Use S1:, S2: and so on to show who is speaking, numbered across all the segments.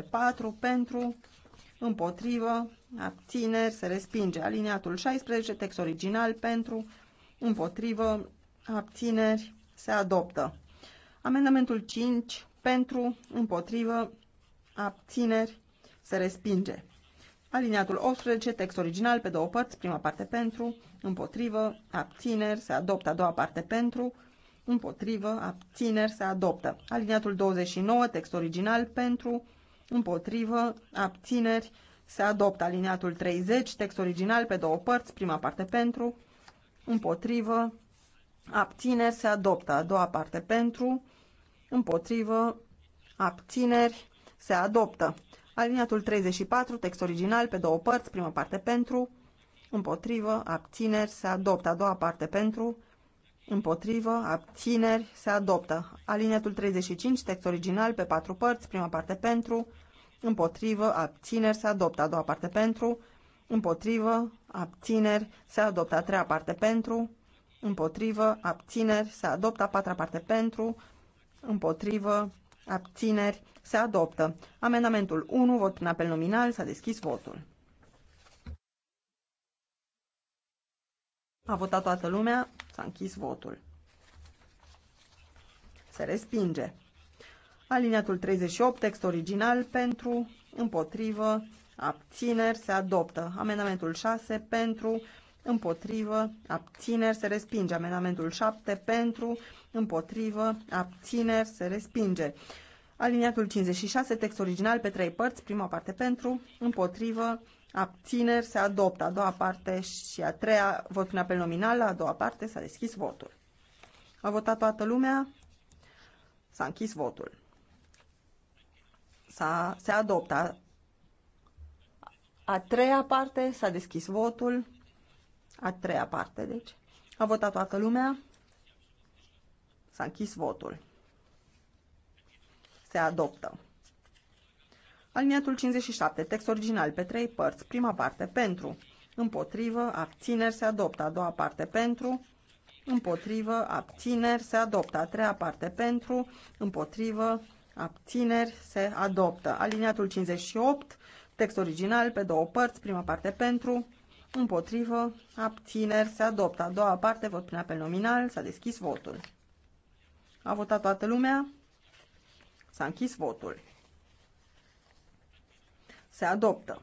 S1: 4 pentru, împotrivă, abțineri, se respinge. Aliniatul 16, text original pentru, împotrivă, abțineri, se adoptă. Amendamentul 5 pentru, împotrivă, abțineri, se respinge. Aliniatul 18, text original pe două părți, prima parte pentru, împotrivă, abțineri, se adoptă a doua parte pentru, împotrivă, abțineri, se adoptă. Aliniatul 29, text original pentru, împotrivă, abțineri, se adoptă aliniatul 30, text original pe două părți, prima parte pentru, împotrivă, abțineri, se adoptă a doua parte pentru, împotrivă, abțineri, se adoptă. Aliniatul 34, text original pe două părți, prima parte pentru, împotrivă, abțineri, se adoptă a doua parte pentru, împotrivă, abțineri, se adoptă. Aliniatul 35, text original pe patru părți, prima parte pentru, împotrivă, abțineri, se adoptă. A doua parte pentru, împotrivă, abțineri, se adoptă. A treia parte pentru, împotrivă, abțineri, se adoptă. A patra parte pentru, împotrivă, abțineri, se adoptă. Amendamentul 1, vot prin apel nominal, s-a deschis votul. A votat toată lumea, s-a închis votul. Se respinge. Aliniatul 38, text original, pentru, împotrivă, abțineri, se adoptă. Amendamentul 6, pentru, împotrivă, abțineri, se respinge. Amendamentul 7, pentru, împotrivă, abțineri, se respinge. Aliniatul 56, text original, pe trei părți, prima parte pentru, împotrivă, abțineri, se adoptă. A doua parte și a treia, vot prin apel nominal, a doua parte s-a deschis votul. A votat toată lumea, s-a închis votul s-a, se adoptă. A treia parte s-a deschis votul. A treia parte, deci. A votat toată lumea. S-a închis votul. Se adoptă. Aliniatul 57, text original pe trei părți. Prima parte pentru, împotrivă, abțineri se adoptă. A doua parte pentru, împotrivă, abțineri se adoptă. A treia parte pentru, împotrivă, abțineri, se adoptă. Aliniatul 58, text original, pe două părți, prima parte pentru, împotrivă, abțineri, se adoptă. A doua parte, vot prin apel nominal, s-a deschis votul. A votat toată lumea, s-a închis votul. Se adoptă.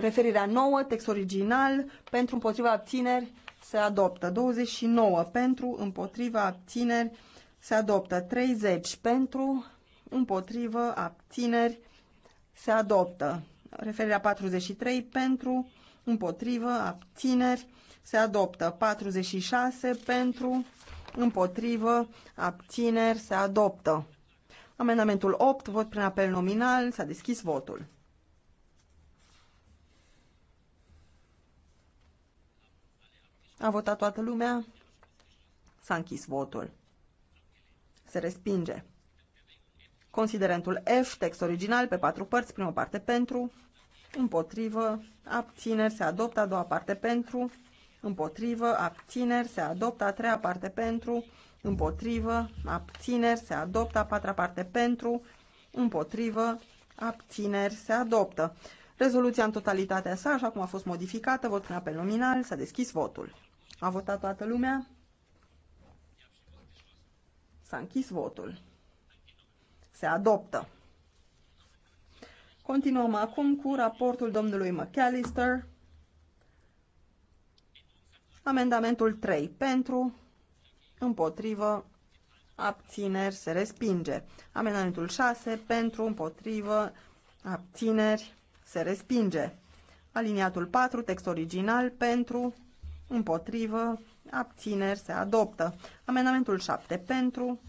S1: referirea nouă, text original, pentru împotriva abțineri se adoptă. 29 pentru, împotriva, abțineri, se adoptă. 30 pentru, împotriva abțineri, se adoptă. Referirea 43 pentru, împotriva abțineri, se adoptă. 46 pentru, împotrivă, abțineri, se adoptă. Amendamentul 8, vot prin apel nominal, s-a deschis votul. A votat toată lumea. S-a închis votul. Se respinge. Considerentul F, text original, pe patru părți, prima parte pentru, împotrivă, abțineri, se adoptă, a doua parte pentru, împotrivă, abțineri, se adoptă, a treia parte pentru, împotrivă, abțineri, se adoptă, a patra parte pentru, împotrivă, abțineri, se adoptă. Rezoluția în totalitatea sa, așa cum a fost modificată, vot în apel nominal, s-a deschis votul. A votat toată lumea? S-a închis votul. Se adoptă. Continuăm acum cu raportul domnului McAllister. Amendamentul 3 pentru, împotrivă, abțineri, se respinge. Amendamentul 6 pentru, împotrivă, abțineri, se respinge. Aliniatul 4, text original, pentru, împotrivă, abțineri, se adoptă. Amendamentul 7 pentru,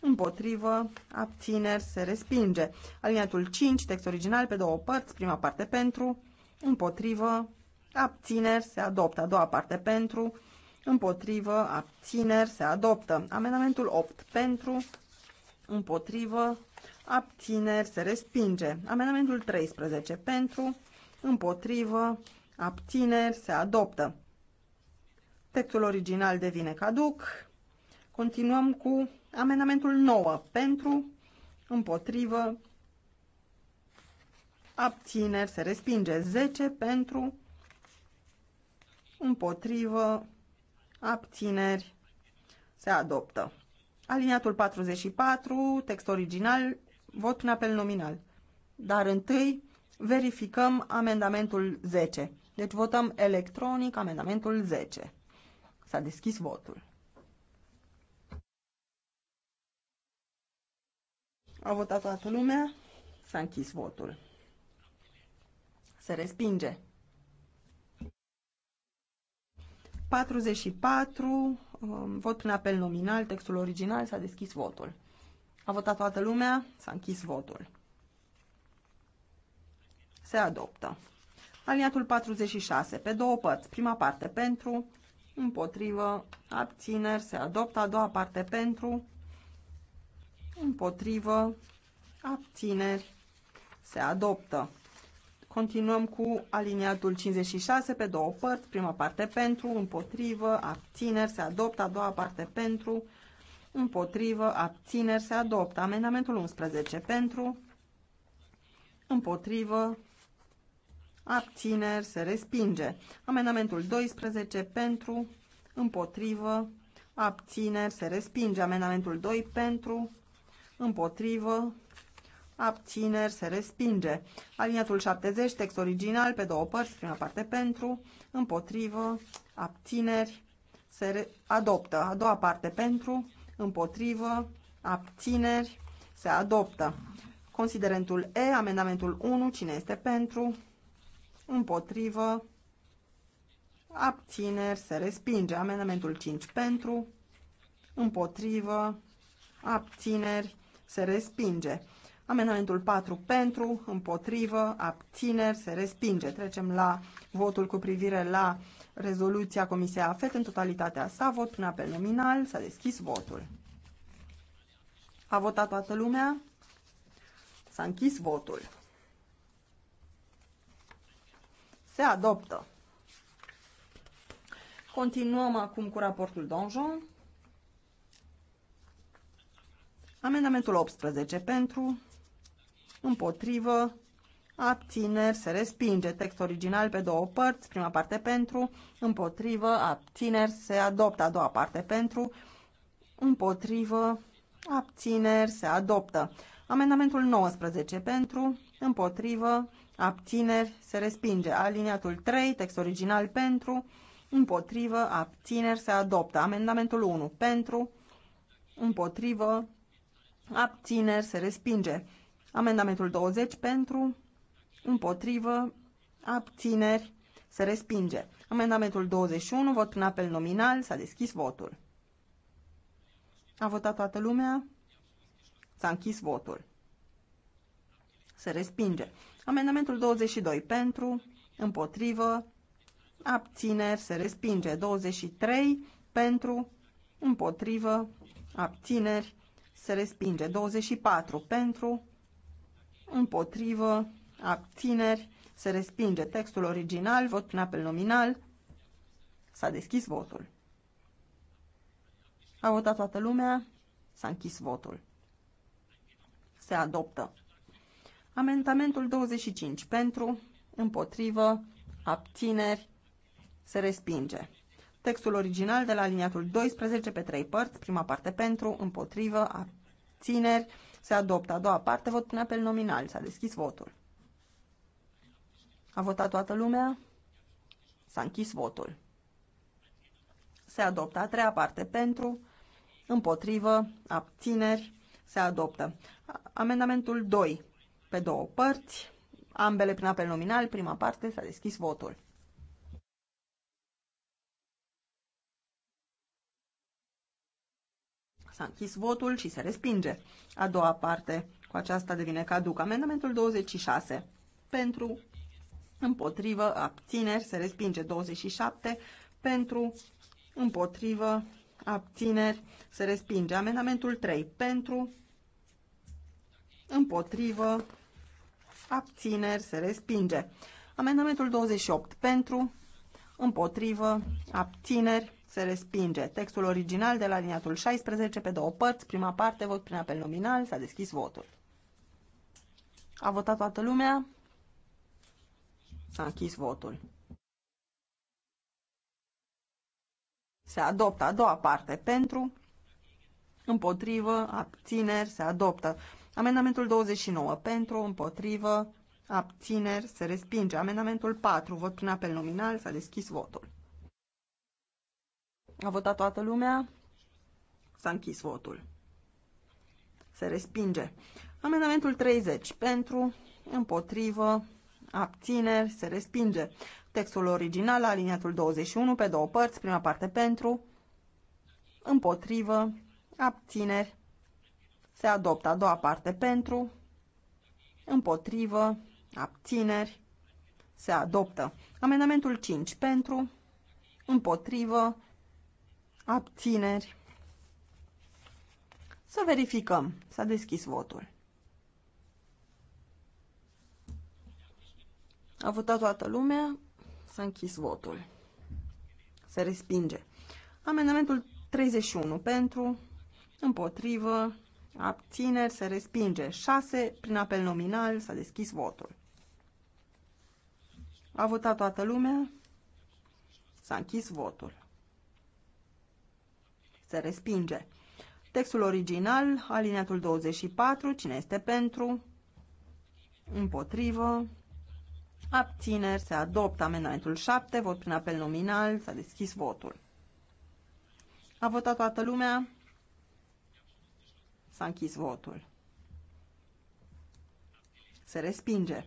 S1: împotrivă, abțineri, se respinge. Aliniatul 5, text original, pe două părți, prima parte pentru, împotrivă, abțineri, se adoptă. A doua parte pentru, împotrivă, abțineri, se adoptă. Amendamentul 8 pentru, împotrivă, abțineri, se respinge. Amendamentul 13 pentru, împotrivă, abțineri, se adoptă. Textul original devine caduc. Continuăm cu amendamentul 9 pentru, împotrivă, abțineri, se respinge 10 pentru, împotrivă, abțineri, se adoptă. Aliniatul 44, text original, vot prin apel nominal. Dar întâi verificăm amendamentul 10. Deci votăm electronic amendamentul 10. S-a deschis votul. A votat toată lumea. S-a închis votul. Se respinge. 44, um, vot prin apel nominal, textul original, s-a deschis votul. A votat toată lumea, s-a închis votul. Se adoptă. Aliniatul 46, pe două părți. Prima parte pentru, împotrivă, abțineri, se adoptă a doua parte pentru, împotrivă, abțineri, se adoptă. Continuăm cu aliniatul 56 pe două părți, prima parte pentru, împotrivă, abțineri, se adoptă a doua parte pentru, împotrivă, abțineri, se adoptă. Amendamentul 11 pentru, împotrivă, abțineri, se respinge. Amendamentul 12 pentru, împotrivă, abțineri, se respinge. Amendamentul 2 pentru, împotrivă, abțineri, se respinge. Aliniatul 70, text original, pe două părți, prima parte pentru, împotrivă, abțineri, se adoptă. A doua parte pentru, împotrivă, abțineri, se adoptă. Considerentul E, amendamentul 1, cine este pentru, împotrivă, abțineri, se respinge. Amendamentul 5 pentru, împotrivă, abțineri, se respinge. Amendamentul 4 pentru, împotrivă, abțineri, se respinge. Trecem la votul cu privire la rezoluția Comisiei AFET în totalitatea sa. Vot prin apel nominal. S-a deschis votul. A votat toată lumea? S-a închis votul. Se adoptă. Continuăm acum cu raportul Donjon. Amendamentul 18 pentru, împotrivă, abțineri, se respinge. Text original pe două părți, prima parte pentru, împotrivă, abțineri, se adoptă. A doua parte pentru, împotrivă, abțineri, se adoptă. Amendamentul 19 pentru, împotrivă, abțineri, se respinge. Aliniatul 3, text original pentru, împotrivă, abțineri, se adoptă. Amendamentul 1, pentru, împotrivă, abțineri, se respinge. Amendamentul 20, pentru, împotrivă, abțineri, se respinge. Amendamentul 21, vot prin apel nominal, s-a deschis votul. A votat toată lumea? S-a închis votul. Se respinge. Amendamentul 22 pentru, împotrivă, abțineri, se respinge. 23 pentru, împotrivă, abțineri, se respinge. 24 pentru, împotrivă, abțineri, se respinge. Textul original, vot prin apel nominal, s-a deschis votul. A votat toată lumea, s-a închis votul. Se adoptă. Amendamentul 25 pentru, împotrivă, abțineri, se respinge. Textul original de la aliniatul 12 pe 3 părți, prima parte pentru, împotrivă, abțineri, se adoptă. A doua parte, vot prin apel nominal. S-a deschis votul. A votat toată lumea? S-a închis votul. Se adoptă a treia parte pentru, împotrivă, abțineri, se adoptă. Amendamentul 2 pe două părți, ambele prin apel nominal. Prima parte s-a deschis votul. S-a închis votul și se respinge. A doua parte, cu aceasta devine caduc. Amendamentul 26. Pentru, împotrivă, abțineri, se respinge. 27. Pentru, împotrivă, abțineri, se respinge. Amendamentul 3. Pentru, împotrivă, abțineri, se respinge. Amendamentul 28 pentru, împotrivă, abțineri, se respinge. Textul original de la liniatul 16 pe două părți, prima parte, vot prin apel nominal, s-a deschis votul. A votat toată lumea, s-a închis votul. Se adoptă a doua parte pentru, împotrivă, abțineri, se adoptă. Amendamentul 29 pentru, împotrivă, abțineri, se respinge. Amendamentul 4, vot prin apel nominal, s-a deschis votul. A votat toată lumea? S-a închis votul. Se respinge. Amendamentul 30 pentru, împotrivă, abțineri, se respinge. Textul original, aliniatul 21, pe două părți, prima parte pentru, împotrivă, abțineri, se adoptă a doua parte pentru, împotrivă, abțineri, se adoptă. Amendamentul 5 pentru, împotrivă, abțineri. Să verificăm. S-a deschis votul. A votat toată lumea, s-a închis votul. Se respinge. Amendamentul 31 pentru, împotrivă, abțineri, se respinge. 6 prin apel nominal, s-a deschis votul. A votat toată lumea, s-a închis votul. Se respinge. Textul original, alineatul 24, cine este pentru, împotrivă, abțineri, se adoptă amendamentul 7, vot prin apel nominal, s-a deschis votul. A votat toată lumea, S-a închis votul. Se respinge.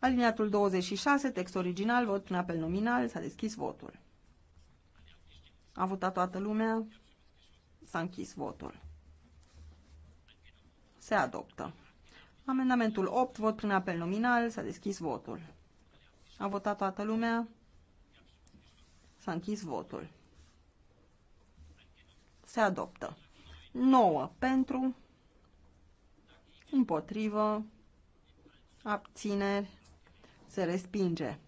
S1: Aliniatul 26, text original, vot prin apel nominal, s-a deschis votul. A votat toată lumea, s-a închis votul. Se adoptă. Amendamentul 8, vot prin apel nominal, s-a deschis votul. A votat toată lumea, s-a închis votul. Se adoptă. 9 pentru, împotrivă, abțineri, se respinge.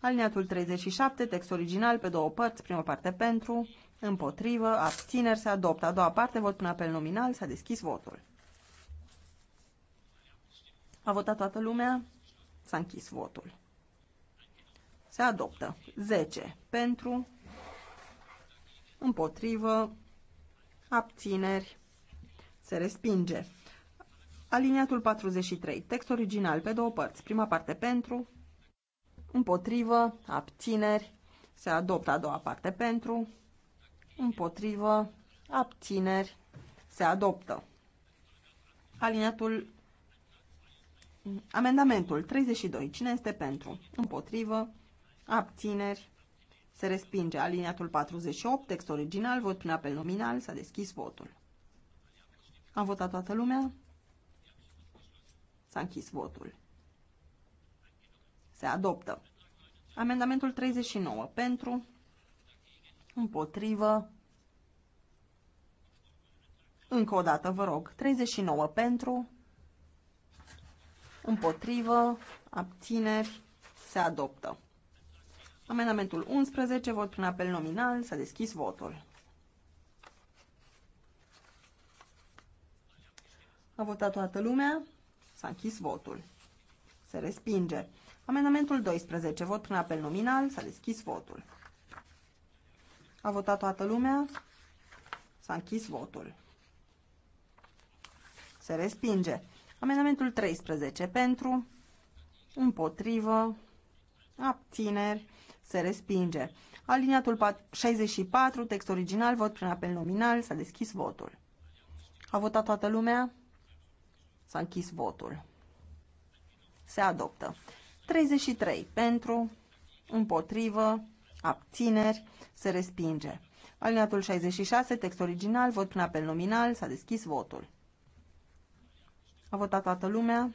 S1: Alineatul 37, text original pe două părți, prima parte pentru, împotrivă, abțineri, se adoptă. A doua parte, vot până apel nominal, s-a deschis votul. A votat toată lumea, s-a închis votul. Se adoptă. 10 pentru, împotrivă, abțineri, se respinge. Aliniatul 43, text original pe două părți. Prima parte pentru, împotrivă, abțineri, se adoptă a doua parte pentru, împotrivă, abțineri, se adoptă. Aliniatul Amendamentul 32. Cine este pentru? Împotrivă. Abțineri. Se respinge aliniatul 48, text original, vot prin apel nominal, s-a deschis votul. A votat toată lumea? S-a închis votul. Se adoptă. Amendamentul 39 pentru, împotrivă, încă o dată vă rog, 39 pentru, împotrivă, abțineri, se adoptă. Amendamentul 11, vot prin apel nominal, s-a deschis votul. A votat toată lumea, s-a închis votul. Se respinge. Amendamentul 12, vot prin apel nominal, s-a deschis votul. A votat toată lumea, s-a închis votul. Se respinge. Amendamentul 13 pentru, împotrivă, abțineri, se respinge. Aliniatul 64, text original, vot prin apel nominal, s-a deschis votul. A votat toată lumea? S-a închis votul. Se adoptă. 33 pentru, împotrivă, abțineri, se respinge. Alineatul 66, text original, vot prin apel nominal, s-a deschis votul. A votat toată lumea?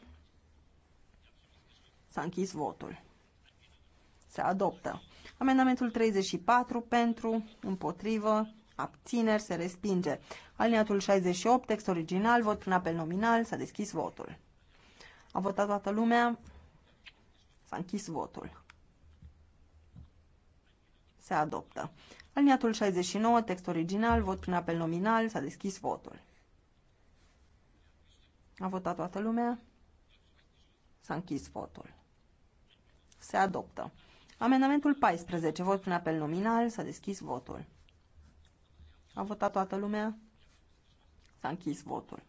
S1: S-a închis votul. Se adoptă. Amendamentul 34 pentru, împotrivă, abțineri, se respinge. Alineatul 68, text original, vot prin apel nominal, s-a deschis votul. A votat toată lumea, s-a închis votul. Se adoptă. Aliniatul 69, text original, vot prin apel nominal, s-a deschis votul. A votat toată lumea, s-a închis votul. Se adoptă. Amendamentul 14. Vot prin apel nominal. S-a deschis votul. A votat toată lumea? S-a închis votul.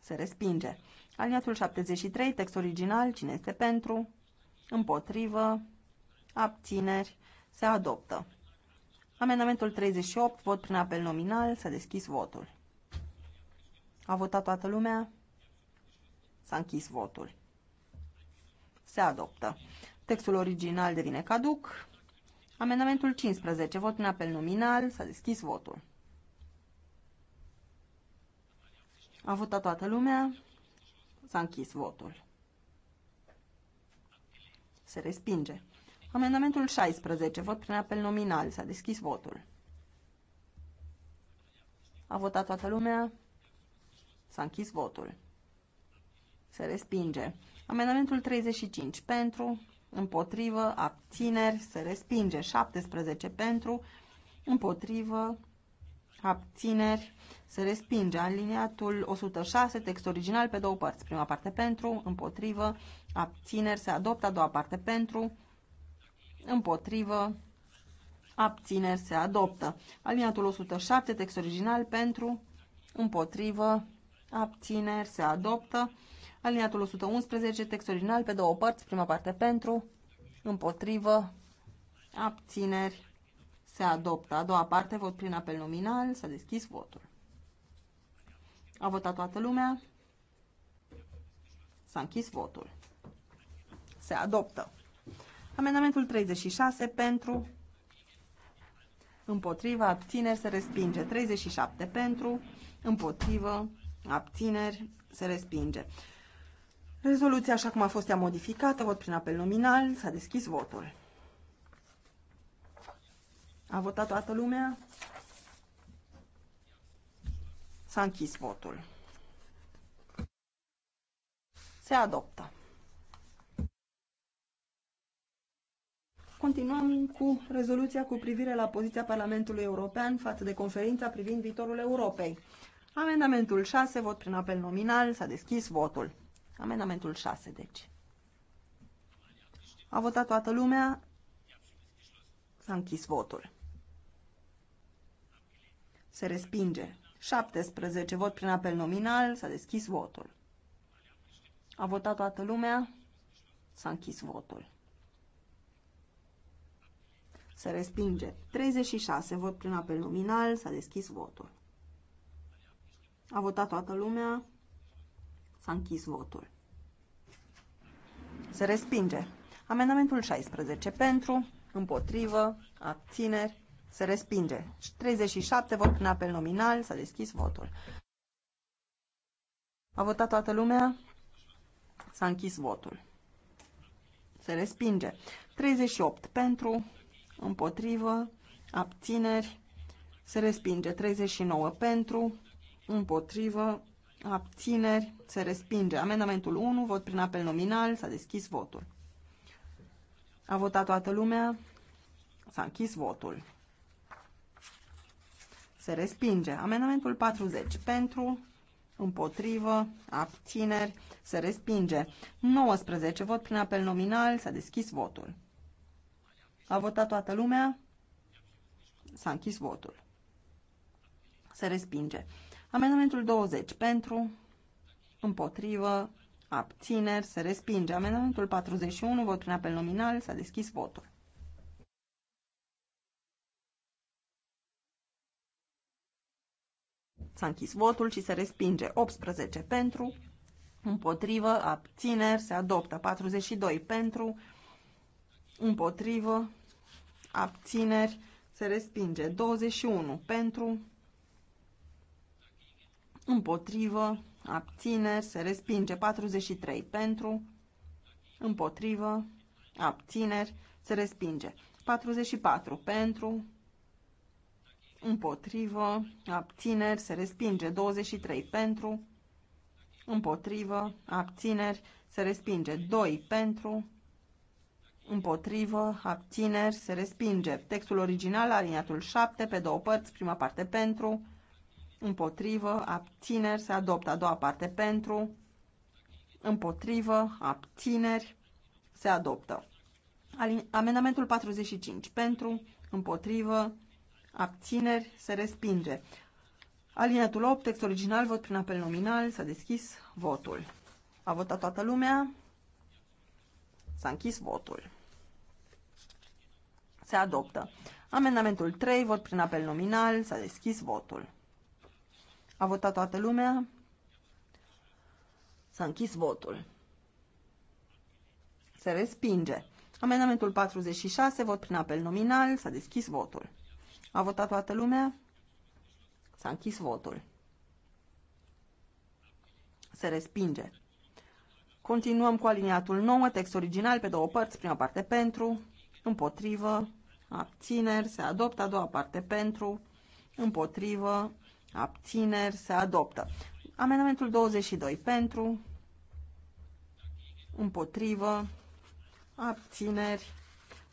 S1: Se respinge. Aliniatul 73, text original, cine este pentru, împotrivă, abțineri, se adoptă. Amendamentul 38, vot prin apel nominal, s-a deschis votul. A votat toată lumea? S-a închis votul. Se adoptă. Textul original devine caduc. Amendamentul 15. Vot în apel nominal. S-a deschis votul. A votat toată lumea. S-a închis votul. Se respinge. Amendamentul 16. Vot prin apel nominal. S-a deschis votul. A votat toată lumea. S-a închis votul. Se respinge. Amendamentul 35 pentru, împotrivă, abțineri, se respinge. 17 pentru, împotrivă, abțineri, se respinge. Aliniatul 106, text original, pe două părți. Prima parte pentru, împotrivă, abțineri, se adoptă. A doua parte pentru, împotrivă, abțineri, se adoptă. Aliniatul 107, text original, pentru, împotrivă, abțineri, se adoptă. Aliniatul 111, text original, pe două părți, prima parte pentru, împotrivă, abțineri, se adoptă. A doua parte, vot prin apel nominal, s-a deschis votul. A votat toată lumea, s-a închis votul. Se adoptă. Amendamentul 36 pentru, împotrivă, abțineri, se respinge. 37 pentru, împotrivă, abțineri, se respinge. Rezoluția, așa cum a fost ea modificată, vot prin apel nominal, s-a deschis votul. A votat toată lumea? S-a închis votul. Se adoptă. Continuăm cu rezoluția cu privire la poziția Parlamentului European față de conferința privind viitorul Europei. Amendamentul 6, vot prin apel nominal, s-a deschis votul. Amendamentul 6, deci. A votat toată lumea. S-a închis votul. Se respinge. 17 vot prin apel nominal. S-a deschis votul. A votat toată lumea. S-a închis votul. Se respinge. 36 vot prin apel nominal. S-a deschis votul. A votat toată lumea. S-a închis votul. Se respinge. Amendamentul 16 pentru, împotrivă, abțineri, se respinge. 37 vot în apel nominal, s-a deschis votul. A votat toată lumea? S-a închis votul. Se respinge. 38 pentru, împotrivă, abțineri, se respinge. 39 pentru, împotrivă, abțineri, se respinge. Amendamentul 1, vot prin apel nominal, s-a deschis votul. A votat toată lumea, s-a închis votul. Se respinge. Amendamentul 40 pentru, împotrivă, abțineri, se respinge. 19, vot prin apel nominal, s-a deschis votul. A votat toată lumea, s-a închis votul. Se respinge. Amendamentul 20 pentru, împotrivă, abțineri, se respinge. Amendamentul 41, vot prin apel nominal, s-a deschis votul. S-a închis votul și se respinge 18 pentru, împotrivă, abțineri, se adoptă 42 pentru, împotrivă, abțineri, se respinge 21 pentru, împotrivă, abțineri, se respinge 43 pentru, împotrivă, abțineri, se respinge 44 pentru, împotrivă, abțineri, se respinge 23 pentru, împotrivă, abțineri, se respinge 2 pentru, împotrivă, abțineri, se respinge. Textul original, aliniatul 7, pe două părți, prima parte pentru, împotrivă, abțineri, se adoptă a doua parte pentru, împotrivă, abțineri, se adoptă. Amendamentul 45 pentru, împotrivă, abțineri, se respinge. Alinatul 8, text original, vot prin apel nominal, s-a deschis votul. A votat toată lumea, s-a închis votul. Se adoptă. Amendamentul 3, vot prin apel nominal, s-a deschis votul. A votat toată lumea. S-a închis votul. Se respinge. Amendamentul 46, vot prin apel nominal, s-a deschis votul. A votat toată lumea? S-a închis votul. Se respinge. Continuăm cu aliniatul 9, text original pe două părți, prima parte pentru, împotrivă, abțineri, se adoptă a doua parte pentru, împotrivă, Abțineri se adoptă. Amendamentul 22 pentru, împotrivă, abțineri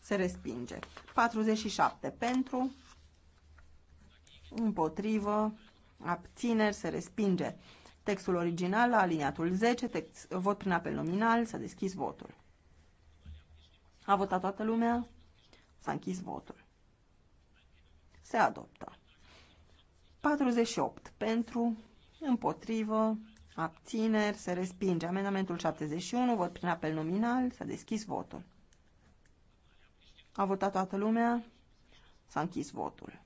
S1: se respinge. 47 pentru, împotrivă, abțineri se respinge. Textul original la aliniatul 10, text, vot prin apel nominal, s-a deschis votul. A votat toată lumea? S-a închis votul. Se adoptă. 48 pentru, împotrivă, abțineri, se respinge. Amendamentul 71, vot prin apel nominal, s-a deschis votul. A votat toată lumea, s-a închis votul.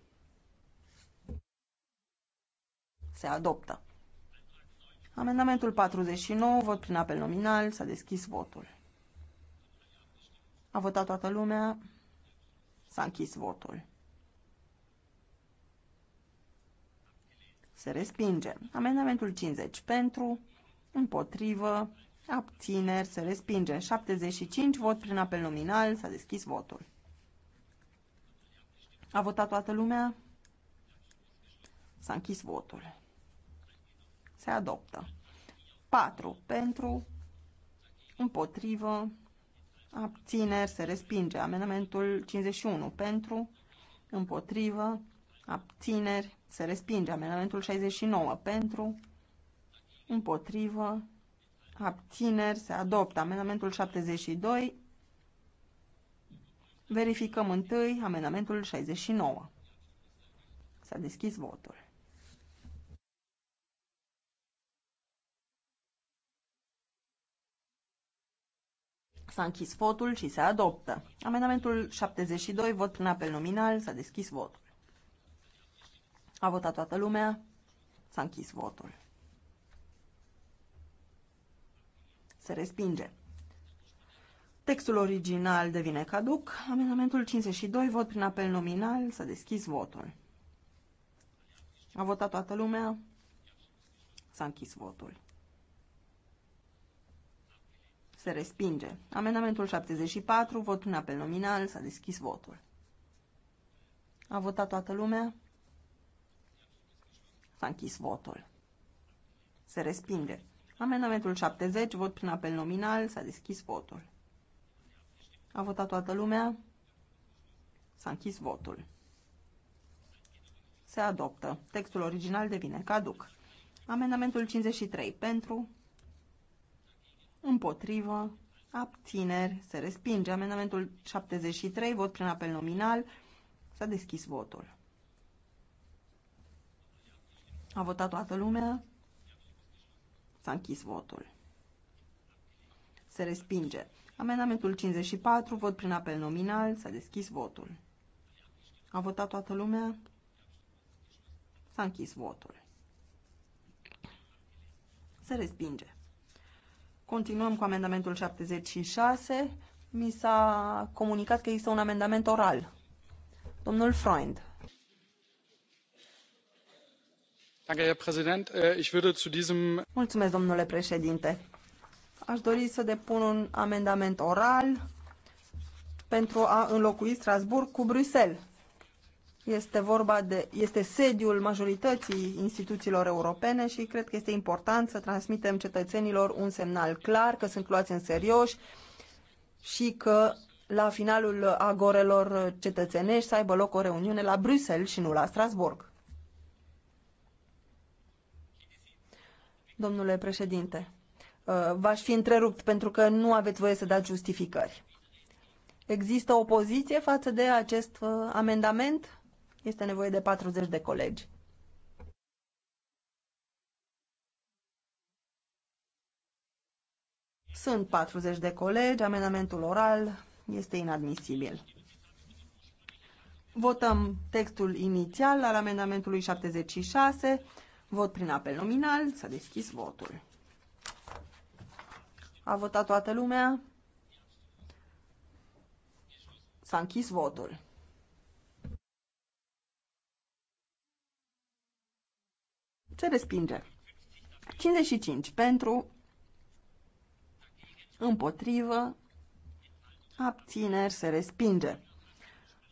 S1: Se adoptă. Amendamentul 49, vot prin apel nominal, s-a deschis votul. A votat toată lumea, s-a închis votul. Se respinge. Amendamentul 50 pentru, împotrivă, abțineri, se respinge. 75, vot prin apel nominal, s-a deschis votul. A votat toată lumea? S-a închis votul. Se adoptă. 4 pentru, împotrivă, abțineri, se respinge. Amendamentul 51 pentru, împotrivă, abțineri, se respinge. Amendamentul 69 pentru, împotrivă, abțineri, se adoptă. Amendamentul 72, verificăm întâi amendamentul 69. S-a deschis votul. S-a închis votul și se adoptă. Amendamentul 72, vot prin apel nominal, s-a deschis votul. A votat toată lumea. S-a închis votul. Se respinge. Textul original devine caduc. Amendamentul 52, vot prin apel nominal, s-a deschis votul. A votat toată lumea. S-a închis votul. Se respinge. Amendamentul 74, vot prin apel nominal, s-a deschis votul. A votat toată lumea. S-a închis votul. Se respinge. Amendamentul 70, vot prin apel nominal, s-a deschis votul. A votat toată lumea? S-a închis votul. Se adoptă. Textul original devine caduc. Amendamentul 53 pentru, împotrivă, abțineri, se respinge. Amendamentul 73, vot prin apel nominal, s-a deschis votul. A votat toată lumea. S-a închis votul. Se respinge. Amendamentul 54, vot prin apel nominal, s-a deschis votul. A votat toată lumea? S-a închis votul. Se respinge. Continuăm cu amendamentul 76. Mi s-a comunicat că există un amendament oral. Domnul Freund. Äh, domnule președinte. Aș dori să depun un amendament oral pentru a înlocui Strasbourg cu Bruxelles. Este vorba de, este sediul majorității instituțiilor europene și cred că este important să transmitem cetățenilor un semnal clar că sunt luați în serios și că la finalul agorelor cetățenești să aibă loc o reuniune la Bruxelles și nu la Strasbourg. Domnule președinte, uh, v-aș fi întrerupt pentru că nu aveți voie să dați justificări. Există opoziție față de acest uh, amendament? Este nevoie de 40 de colegi. Sunt 40 de colegi, amendamentul oral este inadmisibil. Votăm textul inițial al amendamentului 76 Vot prin apel nominal. S-a deschis votul. A votat toată lumea. S-a închis votul. Se respinge. 55 pentru, împotrivă, abțineri, se respinge.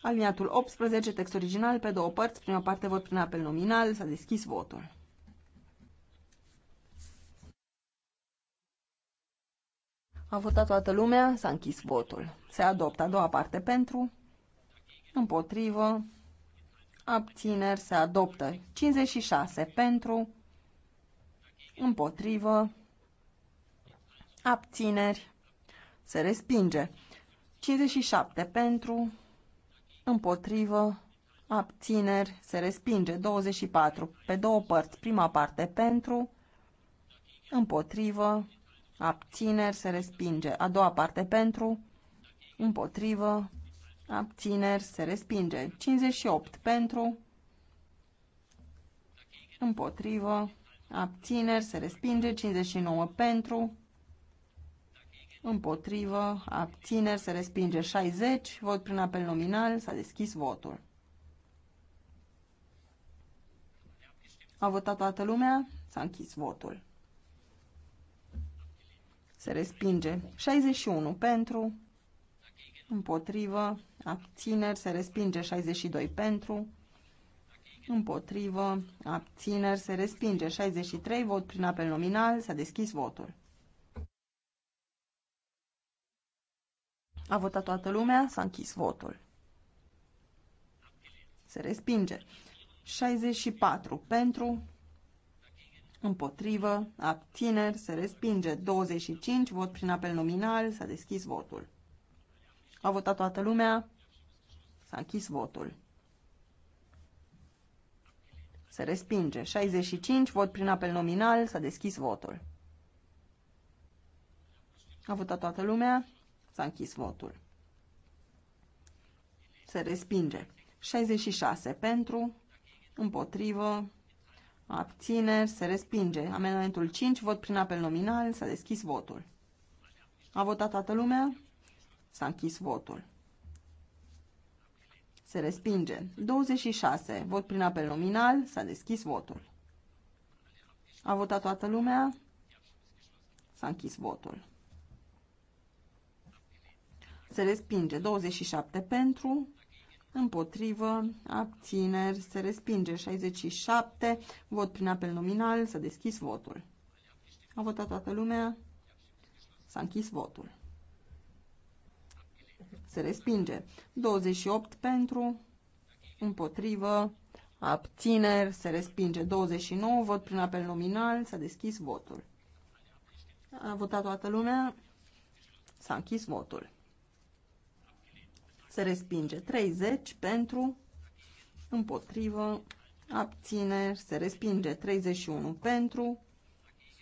S1: Aliniatul 18, text original, pe două părți, prima parte vot prin apel nominal, s-a deschis votul. A votat toată lumea, s-a închis votul. Se adoptă a doua parte pentru, împotrivă, abțineri, se adoptă 56 pentru, împotrivă, abțineri, se respinge 57 pentru, împotrivă, abțineri, se respinge 24 pe două părți, prima parte pentru, împotrivă, abțineri, se respinge. A doua parte pentru, împotrivă, abțineri, se respinge. 58 pentru, împotrivă, abțineri, se respinge. 59 pentru, împotrivă, abțineri, se respinge. 60, vot prin apel nominal, s-a deschis votul. A votat toată lumea? S-a închis votul. Se respinge. 61 pentru, împotrivă, abțineri, se respinge. 62 pentru, împotrivă, abțineri, se respinge. 63 vot prin apel nominal, s-a deschis votul. A votat toată lumea, s-a închis votul. Se respinge. 64 pentru, împotrivă, abțineri, se respinge. 25, vot prin apel nominal, s-a deschis votul. A votat toată lumea, s-a închis votul. Se respinge. 65, vot prin apel nominal, s-a deschis votul. A votat toată lumea, s-a închis votul. Se respinge. 66 pentru, împotrivă, Abțineri, se respinge. Amendamentul 5, vot prin apel nominal, s-a deschis votul. A votat toată lumea? S-a închis votul. Se respinge. 26, vot prin apel nominal, s-a deschis votul. A votat toată lumea? S-a închis votul. Se respinge. 27 pentru, împotrivă, abțineri, se respinge. 67, vot prin apel nominal, s-a deschis votul. A votat toată lumea, s-a închis votul. Se respinge. 28 pentru, împotrivă, abțineri, se respinge. 29, vot prin apel nominal, s-a deschis votul. A votat toată lumea, s-a închis votul se respinge. 30 pentru, împotrivă, abțineri, se respinge. 31 pentru,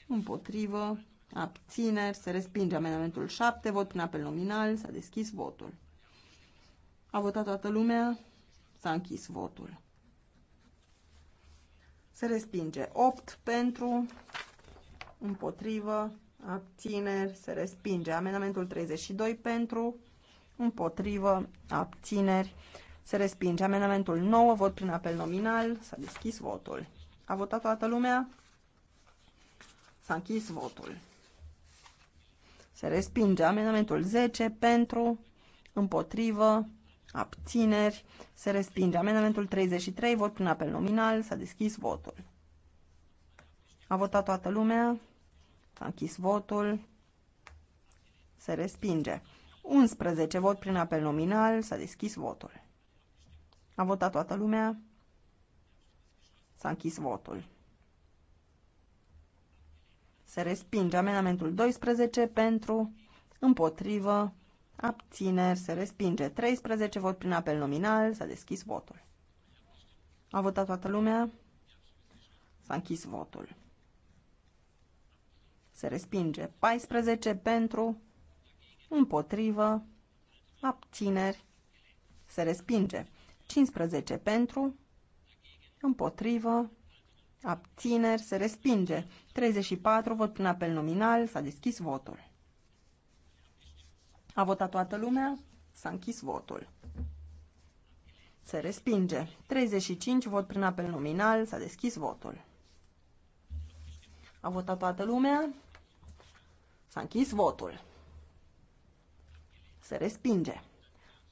S1: împotrivă, abțineri, se respinge. Amendamentul 7, vot prin apel nominal, s-a deschis votul. A votat toată lumea, s-a închis votul. Se respinge 8 pentru, împotrivă, abțineri, se respinge. Amendamentul 32 pentru, împotrivă, abțineri, se respinge. Amendamentul 9, vot prin apel nominal, s-a deschis votul. A votat toată lumea? S-a închis votul. Se respinge amendamentul 10 pentru, împotrivă, abțineri. Se respinge amendamentul 33, vot prin apel nominal, s-a deschis votul. A votat toată lumea, s-a închis votul, se respinge. 11. Vot prin apel nominal. S-a deschis votul. A votat toată lumea. S-a închis votul. Se respinge amendamentul 12 pentru, împotrivă, abțineri, se respinge 13, vot prin apel nominal, s-a deschis votul. A votat toată lumea, s-a închis votul. Se respinge 14 pentru, împotrivă, abțineri, se respinge. 15 pentru, împotrivă, abțineri, se respinge. 34, vot prin apel nominal, s-a deschis votul. A votat toată lumea, s-a închis votul. Se respinge. 35, vot prin apel nominal, s-a deschis votul. A votat toată lumea, s-a închis votul. Se respinge.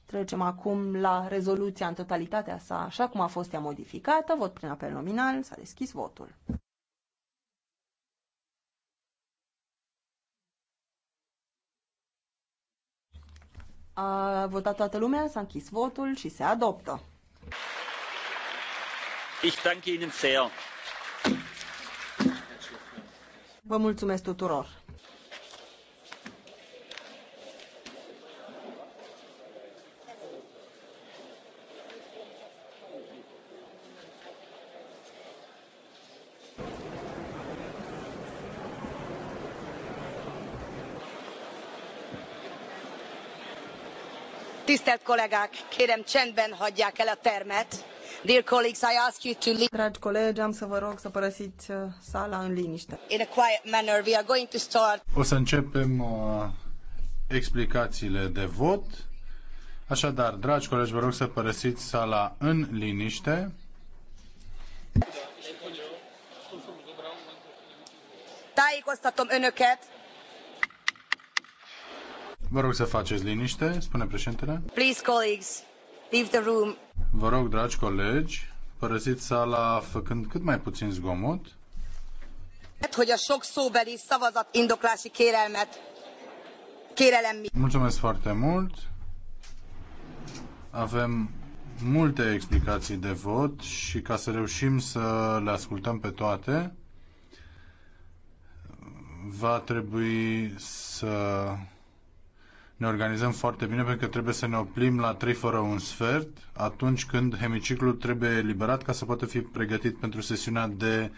S1: Trecem acum la rezoluția în totalitatea sa, așa cum a fost ea modificată. Vot prin apel nominal. S-a deschis votul. A votat toată lumea, s-a închis votul și se adoptă.
S2: Ich danke Ihnen sehr.
S1: Vă mulțumesc tuturor. tisztelt kollégák kérem csendben hagyják el a termet. Dear colleagues, I ask you to leave. Dragi colegi, am să vă rog să părăsiți uh, sala în liniște. In a quiet manner, we are going to start.
S3: O să începem uh, explicațiile de vot. Așadar, dragi colegi, vă rog să părăsiți sala în liniște.
S1: Tájékoztatom önöket,
S3: Vă rog să faceți liniște, spune președintele.
S1: Please, colleagues, leave the room.
S3: Vă rog, dragi colegi, părăsiți sala făcând cât mai puțin zgomot.
S1: Hogy a sok szóbeli szavazat indoklási kérelmet kérelem mi.
S3: Mulțumesc foarte mult. Avem multe explicații de vot și ca să reușim să le ascultăm pe toate, va trebui să ne organizăm foarte bine pentru că trebuie să ne oprim la 3 fără un sfert atunci când hemiciclul trebuie eliberat ca să poată fi pregătit pentru sesiunea de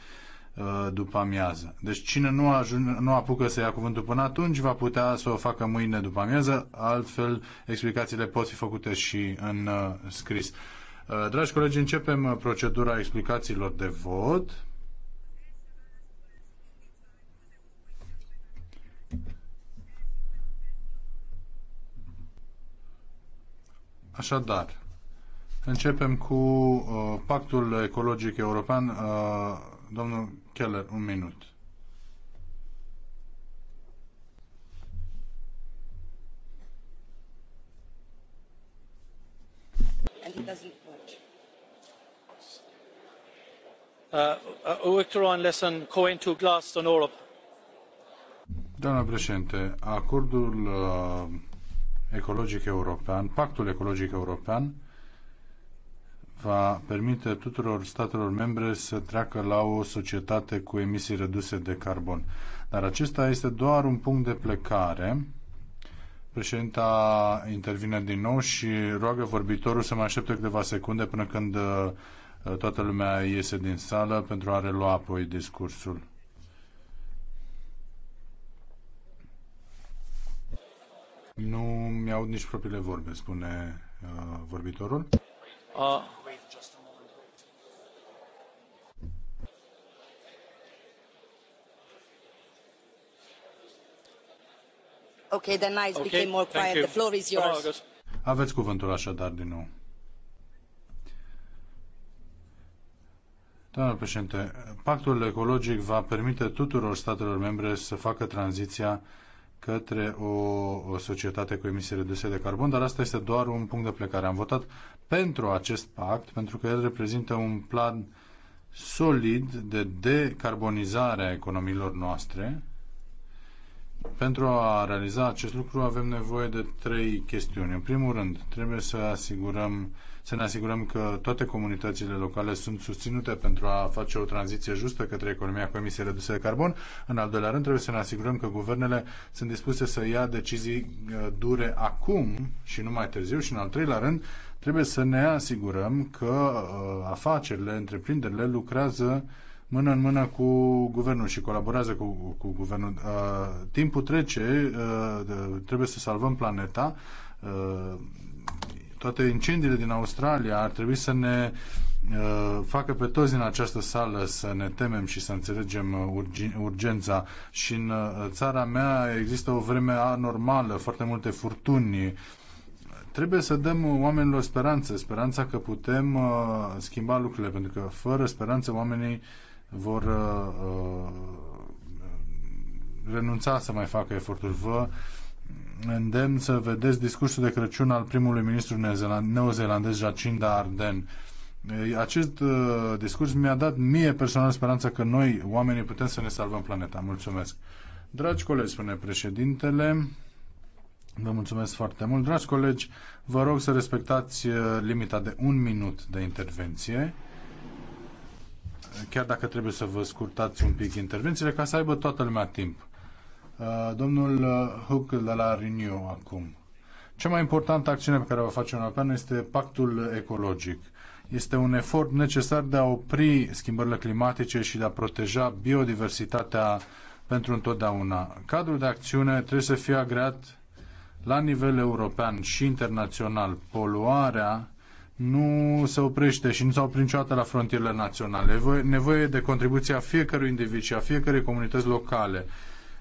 S3: uh, după amiază. Deci cine nu, ajunge, nu apucă să ia cuvântul până atunci va putea să o facă mâine după amiază, altfel explicațiile pot fi făcute și în uh, scris. Uh, dragi colegi, începem uh, procedura explicațiilor de vot. Așadar, începem cu uh, Pactul Ecologic European. Uh, domnul Keller, un minut.
S2: Uh, uh,
S3: doamnă președinte acordul uh, ecologic european, pactul ecologic european, va permite tuturor statelor membre să treacă la o societate cu emisii reduse de carbon. Dar acesta este doar un punct de plecare. Președinta intervine din nou și roagă vorbitorul să mai aștepte câteva secunde până când uh, toată lumea iese din sală pentru a relua apoi discursul. Nu mi au nici propriile vorbe, spune uh, vorbitorul. Uh.
S1: Okay, then I okay, became more quiet. You. The floor is yours.
S3: Aveți cuvântul așadar din nou. Doamna președinte, pactul ecologic va permite tuturor statelor membre să facă tranziția către o, o societate cu emisii reduse de carbon, dar asta este doar un punct de plecare. Am votat pentru acest pact, pentru că el reprezintă un plan solid de decarbonizare a economiilor noastre. Pentru a realiza acest lucru avem nevoie de trei chestiuni. În primul rând, trebuie să asigurăm uh, să ne asigurăm că toate comunitățile locale sunt susținute pentru a face o tranziție justă către economia cu emisii reduse de carbon. În al doilea rând, trebuie să ne asigurăm că guvernele sunt dispuse să ia decizii uh, dure acum și nu mai târziu. Și în al treilea rând, trebuie să ne asigurăm că uh, afacerile, întreprinderile lucrează mână în mână cu guvernul și colaborează cu, cu guvernul. Uh, timpul trece, uh, trebuie să salvăm planeta. Uh, toate incendiile din Australia ar trebui să ne uh, facă pe toți din această sală să ne temem și să înțelegem uh, urgi, urgența. Și în uh, țara mea există o vreme anormală, foarte multe furtuni. Trebuie să dăm oamenilor speranță, speranța că putem uh, schimba lucrurile, pentru că fără speranță oamenii vor uh, uh renunța să mai facă eforturi. Vă uh, îndemn să vedeți discursul de Crăciun al primului ministru neozelandez Jacinda Ardern. Acest uh, discurs mi-a dat mie personal speranța că noi, oamenii, putem să ne salvăm planeta. Mulțumesc. Dragi colegi, spune președintele, vă mulțumesc foarte mult. Dragi colegi, vă rog să respectați uh, limita de un minut de intervenție chiar dacă trebuie să vă scurtați un pic intervențiile, ca să aibă toată lumea timp. Uh, domnul uh, Hook de la Renew acum. Cea mai importantă acțiune pe care o face Uniunea Europeană este pactul ecologic. Este un efort necesar de a opri schimbările climatice și de a proteja biodiversitatea pentru întotdeauna. Cadrul de acțiune trebuie să fie agreat la nivel european și internațional. Poluarea nu se oprește și nu s-a oprit niciodată la frontierele naționale. E nevoie de contribuția fiecărui individ și a fiecărei comunități locale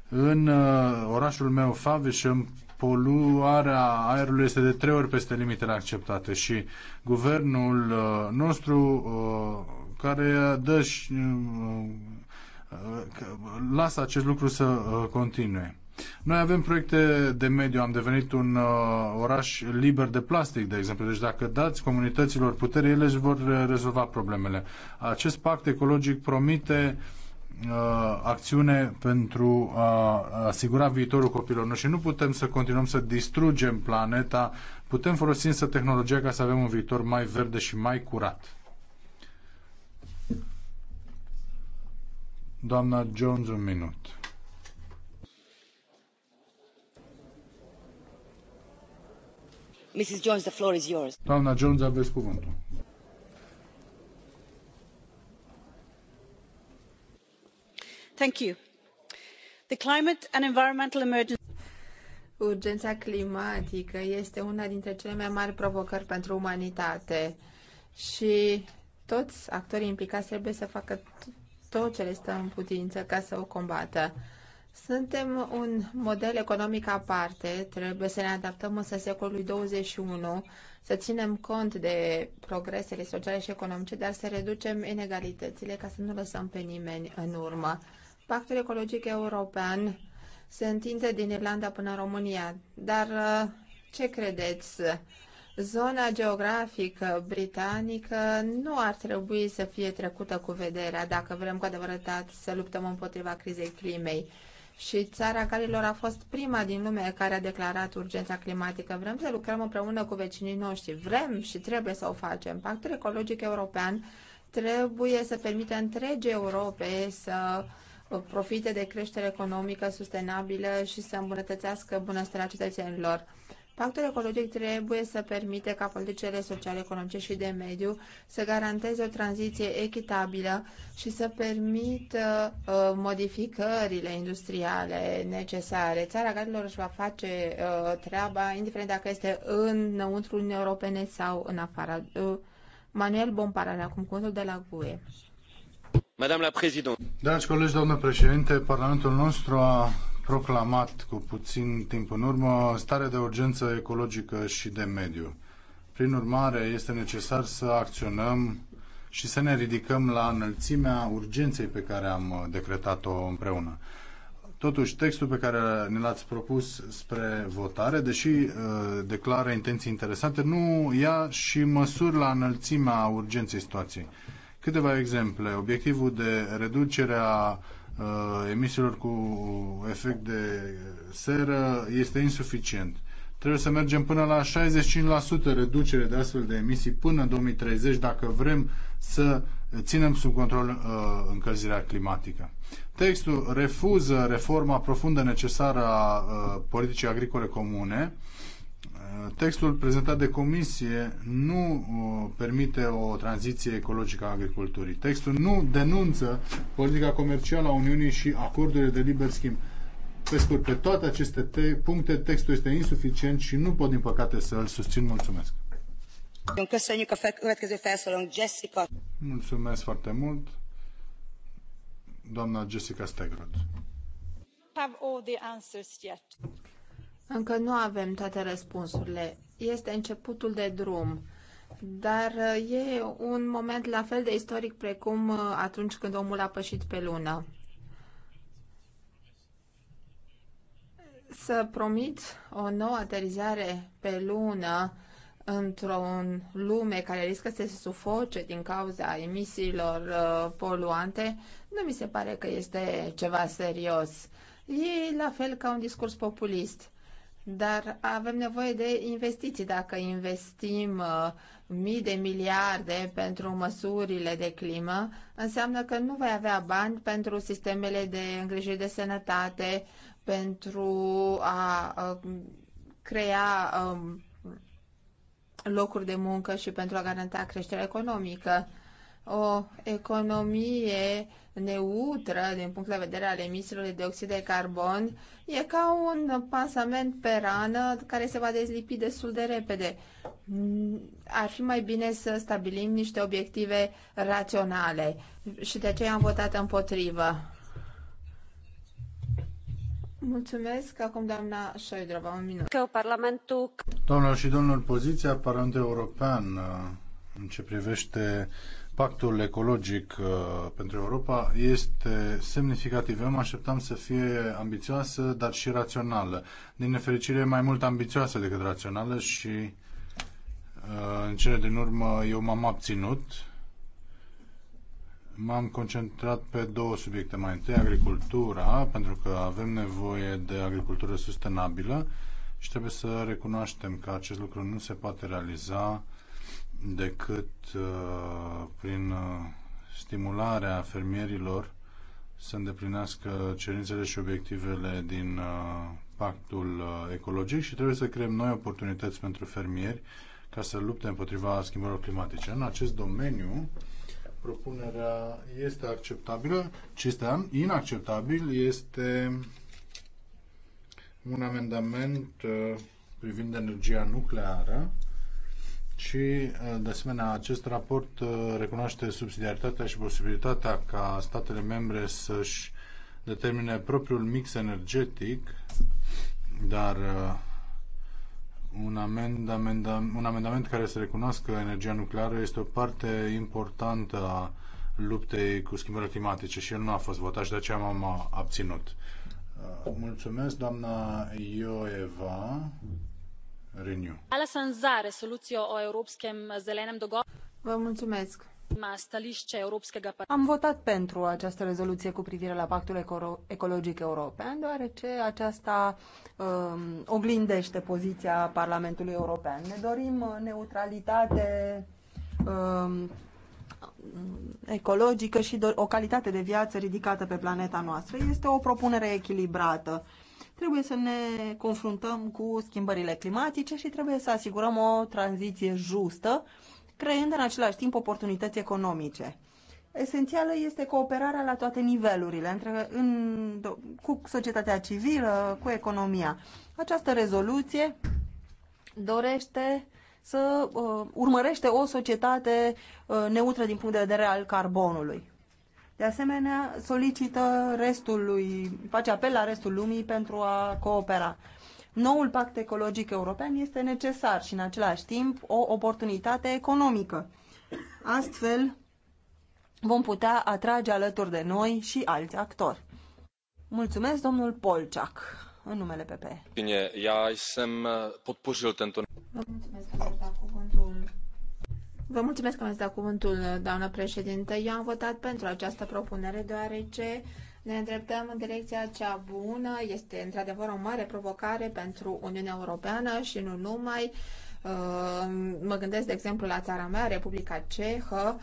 S3: în uh, orașul meu, Favisham, poluarea aerului este de trei ori peste limitele acceptate și guvernul uh, nostru uh, care dă și, lasă acest lucru să continue. Noi avem proiecte de mediu, am devenit un uh, oraș liber de plastic, de exemplu. Deci dacă dați comunităților putere, ele își vor rezolva problemele. Acest pact ecologic promite uh, Uh, acțiune pentru a asigura viitorul copilor noștri. Nu putem să continuăm să distrugem planeta, putem folosi însă tehnologia ca să avem un viitor mai verde și mai curat. Doamna Jones, un minut.
S1: Mrs. Jones, the floor is yours.
S3: Doamna Jones, aveți cuvântul.
S4: urgența climatică este una dintre cele mai mari provocări pentru umanitate și toți actorii implicați trebuie să facă tot ce le stă în putință ca să o combată. Suntem un model economic aparte, trebuie să ne adaptăm însă secolului 21, să ținem cont de progresele sociale și economice, dar să reducem inegalitățile ca să nu lăsăm pe nimeni în urmă. Pactul ecologic european se întinde din Irlanda până în România, dar uh, ce credeți? Zona geografică britanică nu ar trebui să fie trecută cu vederea dacă vrem cu adevărat să luptăm împotriva crizei climei. Și țara Galilor a fost prima din lume care a declarat urgența climatică. Vrem să lucrăm împreună cu vecinii noștri. Vrem și trebuie să o facem. Pactul ecologic european trebuie să permită întregii Europe să uh, profite de creștere economică sustenabilă și să îmbunătățească bunăstarea cetățenilor. Pactul ecologic trebuie să permite ca politicile sociale, economice și de mediu să garanteze o tranziție echitabilă și să permită uh, modificările industriale necesare. Țara Galilor își va face uh, treaba, indiferent dacă este înăuntru Uniunii Europene sau în afara. Uh, Manuel Bompar acum cuvântul de la GUE.
S3: Dragi colegi, doamnă președinte, Parlamentul nostru a proclamat cu puțin timp în urmă starea de urgență ecologică și de mediu. Prin urmare, este necesar să acționăm și să ne ridicăm la înălțimea urgenței pe care am decretat-o împreună. Totuși, textul pe care ne l-ați propus spre votare, deși uh, declară intenții interesante, nu ia și măsuri la înălțimea urgenței situației. Uh, Câteva exemple. Obiectivul de reducere a uh, emisiilor cu efect de seră este insuficient. Trebuie să mergem până la 65% reducere de astfel de emisii până în 2030 dacă vrem să ținem sub control uh, încălzirea climatică. Textul refuză reforma profundă necesară a uh, politicii agricole comune Textul prezentat de comisie nu uh, permite o tranziție ecologică a agriculturii. Textul nu denunță politica comercială a Uniunii și acordurile de liber schimb. Pe scurt, pe toate aceste te- puncte, textul este insuficient și nu pot, din păcate, să îl susțin. Mulțumesc! Mulțumesc foarte mult, doamna Jessica Stegrod.
S1: Have all the answers yet.
S4: Încă nu avem toate răspunsurile. Este începutul de drum, dar uh, e un moment la fel de istoric precum uh, atunci când omul a pășit pe lună. Să promit o nouă aterizare pe lună într-o lume care riscă să se sufoce din cauza emisiilor uh, poluante, nu mi se pare că este ceva serios. E la fel ca un discurs populist dar avem nevoie de investiții. Dacă investim uh, mii de miliarde pentru măsurile de climă, înseamnă că nu vei avea bani pentru sistemele de îngrijire de sănătate, pentru a uh, crea um, locuri de muncă și pentru a garanta creșterea economică o economie neutră din punct de vedere al emisiilor de dioxid de carbon e ca un pansament pe rană care se va dezlipi destul de repede. Ar fi mai bine să stabilim niște obiective raționale și de aceea am votat împotrivă. Mulțumesc. Acum doamna Șoidrova, un minut. Că Parlamentul...
S3: Doamnelor și domnilor, poziția Parlamentului European în ce privește pactul ecologic uh, pentru Europa este semnificativ. Eu mă așteptam să fie ambițioasă, dar și rațională. Din nefericire, mai mult ambițioasă decât rațională și uh, în cele din urmă eu m-am abținut. M-am concentrat pe două subiecte. Mai întâi agricultura, pentru că avem nevoie de agricultură sustenabilă și trebuie să recunoaștem că acest lucru nu se poate realiza uh, decât uh, prin uh, stimularea fermierilor să îndeplinească cerințele și obiectivele din uh, pactul ecologic și trebuie să creăm noi oportunități pentru fermieri ca să lupte împotriva schimbărilor climatice. În acest domeniu, propunerea este acceptabilă. Ce este inacceptabil este un amendament privind energia nucleară și, uh, de asemenea, acest raport uh, recunoaște subsidiaritatea și posibilitatea ca statele membre să-și determine propriul mix energetic, dar uh, un, amend, amenda, un amendament care să recunoască energia nucleară este o parte importantă a luptei cu schimbările climatice și el nu a fost votat și de aceea m-am abținut. Mulțumesc, doamna Ioeva.
S1: Vă mulțumesc. Am votat pentru această rezoluție cu privire la pactul ecologic european, deoarece aceasta um, oglindește poziția Parlamentului European. Ne dorim uh, neutralitate um, ecologică și o calitate de viață ridicată pe planeta noastră. Este o propunere echilibrată Trebuie să ne confruntăm cu schimbările climatice și trebuie să asigurăm o tranziție justă, creând în același timp oportunități economice. Esențială este cooperarea la toate nivelurile, între, în, cu societatea civilă, cu economia. Această rezoluție dorește să uh, urmărește o societate uh, neutră din punct de vedere al carbonului. De asemenea, solicită restul lui, face apel la restul lumii pentru a coopera. Noul pact ecologic european este necesar și în același timp o oportunitate economică. Astfel vom putea atrage alături de noi și alți actori. Mulțumesc, domnul Polciac, în numele PP.
S2: Bine, ja jsem eh,
S3: podpořil tento...
S4: Mulțumesc, Vă mulțumesc că mi-ați dat cuvântul, doamnă președinte. Eu am votat pentru această propunere deoarece ne îndreptăm în direcția cea bună. Este într-adevăr o mare provocare pentru Uniunea Europeană și nu numai. Uh, mă gândesc, de exemplu, la țara mea, Republica Cehă,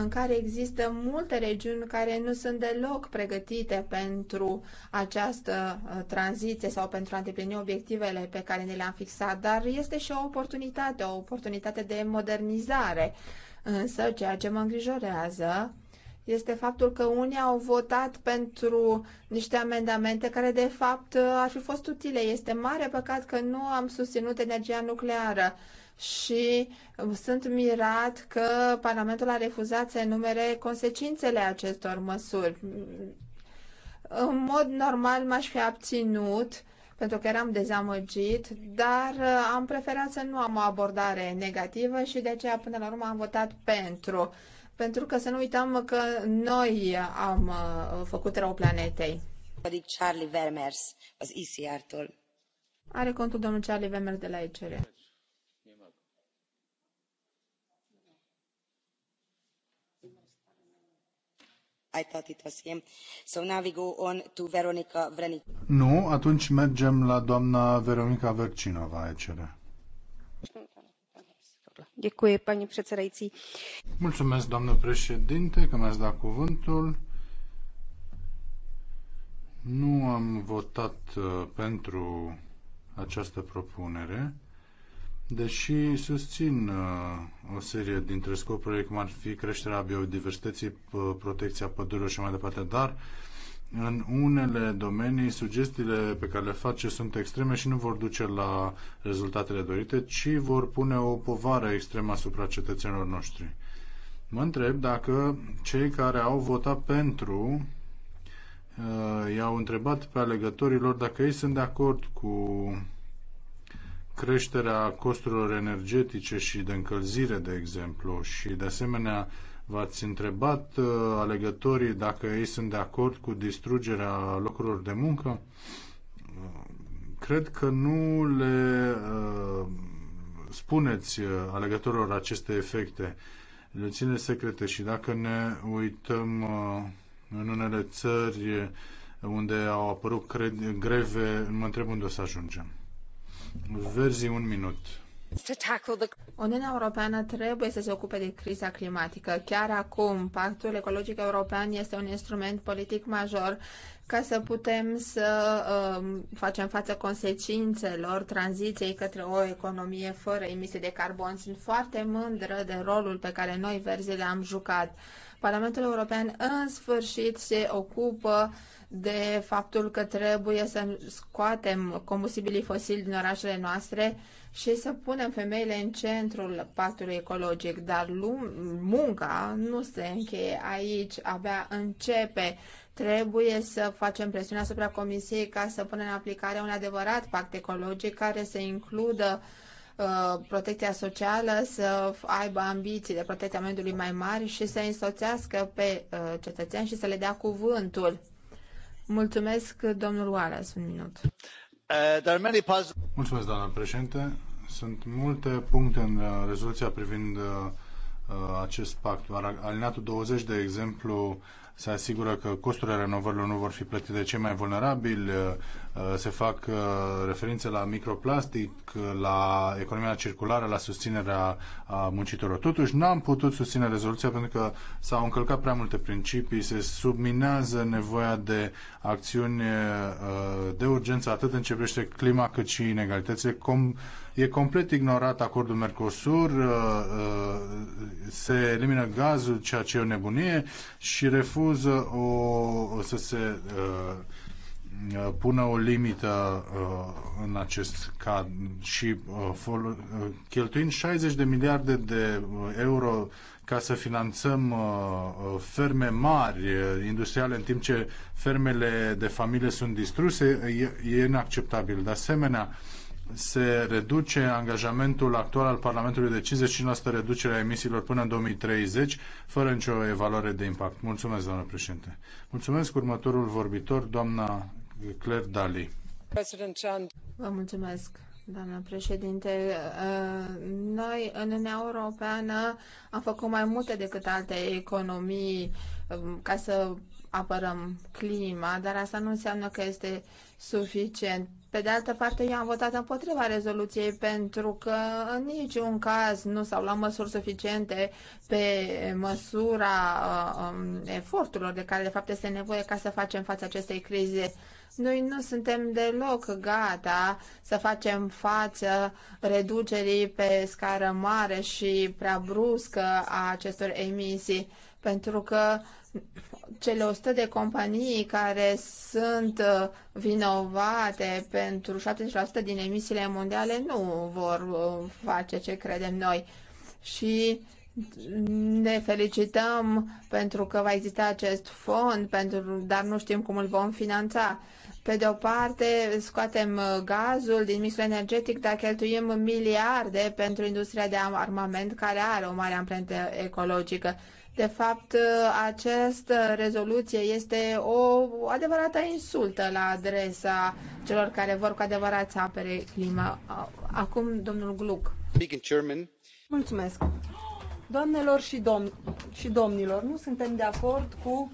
S4: în care există multe regiuni care nu sunt deloc pregătite pentru această uh, tranziție sau pentru a îndeplini obiectivele pe care ne le-am fixat, dar este și o oportunitate, o oportunitate de modernizare. Însă, ceea ce mă îngrijorează este faptul că unii au votat pentru niște amendamente care, de fapt, uh, ar fi fost utile. Este mare păcat că nu am susținut energia nucleară și sunt mirat că Parlamentul a refuzat să enumere consecințele acestor măsuri. În mod normal m-aș fi abținut pentru că eram dezamăgit, dar uh, am preferat să nu am o abordare negativă și de aceea până la urmă am votat pentru. Pentru că să nu uităm că noi am uh, făcut rău planetei.
S1: Charlie Vermers, ECR-tul.
S4: Are contul domnul Charlie Vermers de la
S1: ECR.
S3: Nu, atunci mergem la doamna Veronica Vercinova, ECR.
S5: Děkuji, paní předsedající.
S3: Mulțumesc, doamnă președinte, că mi-ați dat cuvântul. Nu am votat uh, pentru această propunere Deși susțin uh, o serie dintre scopurile, cum ar fi creșterea biodiversității, protecția pădurilor și mai departe, dar în unele domenii sugestiile pe care le face sunt extreme și nu vor duce la rezultatele dorite, ci vor pune o povară extremă asupra cetățenilor noștri. Mă întreb dacă cei care au votat pentru uh, i-au întrebat pe alegătorilor dacă ei sunt de acord cu creșterea costurilor energetice și de încălzire, de exemplu, și de asemenea v-ați întrebat uh, alegătorii dacă ei sunt de acord cu distrugerea locurilor de muncă? Uh, cred că nu le uh, spuneți uh, alegătorilor aceste efecte. Le ține secrete și dacă ne uităm uh, în unele țări unde au apărut greve, mă întreb unde o să ajungem un minut.
S4: Uniunea Europeană trebuie să se ocupe de criza climatică. Chiar acum, Pactul Ecologic European este un instrument politic major ca să putem să uh, facem față consecințelor tranziției către o economie fără emisii de carbon. Sunt foarte mândră de rolul pe care noi, verzii, le am jucat. Parlamentul European în sfârșit se ocupă uh, de faptul că trebuie să scoatem combustibilii fosili din orașele noastre și să punem femeile în centrul pactului ecologic, dar munca nu se încheie aici, abia începe. Trebuie să facem presiune asupra Comisiei ca să punem în aplicare un adevărat pact ecologic care să includă uh, protecția socială, să aibă ambiții de protecția mediului mai mari și să însoțească pe uh, cetățeni și să le dea cuvântul. Mulțumesc, Wallace, un minut.
S3: Uh, Mulțumesc, doamnă președinte. Sunt multe puncte în uh, rezoluția privind uh, acest pact. Alineatul 20, de exemplu, se asigură că costurile renovărilor nu vor fi plătite de cei mai vulnerabili, Uh, se fac uh, referințe la microplastic, uh, la economia circulară, la susținerea muncitorilor. Totuși, n-am putut susține rezoluția pentru că s-au încălcat prea multe principii, se subminează nevoia de acțiuni de urgență, atât în ce privește clima, cât și inegalitățile. Com- e complet ignorat acordul Mercosur, se elimină gazul, ceea ce e o nebunie, și refuză o, să se Uh, pună o limită uh, în acest cad și uh, cheltuind 60 de miliarde de euro ca să finanțăm ferme mari industriale în timp ce fermele de familie sunt distruse, e inacceptabil. De asemenea, se reduce angajamentul actual al Parlamentului de 59% reducerea emisiilor până în 2030, fără nicio evaluare de impact. Mulțumesc, doamnă președinte. Mulțumesc următorul vorbitor, doamna Claire Daly.
S4: Vă mulțumesc. Doamnă președinte, uh, noi în Uniunea Europeană am făcut mai multe decât alte economii um, ca să apărăm clima, dar asta nu înseamnă că este suficient. Pe de altă parte, eu am votat împotriva rezoluției pentru că în niciun caz nu s-au luat măsuri suficiente pe măsura uh, um, eforturilor de care de fapt este nevoie ca să facem față acestei crize. Noi nu suntem deloc gata să facem față reducerii pe scară mare și prea bruscă a acestor emisii, pentru că cele 100 de companii care sunt uh, vinovate pentru 70% din emisiile mondiale nu vor uh, face ce credem noi. Și ne felicităm pentru că va exista acest fond, pentru, dar nu știm cum îl vom finanța. Pe de o parte, scoatem uh, gazul din mixul energetic, dar cheltuim miliarde pentru industria de armament, care are o mare amprentă ecologică. De fapt, uh, această rezoluție este o adevărată insultă la adresa celor care vor cu adevărat să apere clima. Acum,
S1: domnul Gluck. Mulțumesc. Doamnelor și, domn- și domnilor, nu suntem de acord cu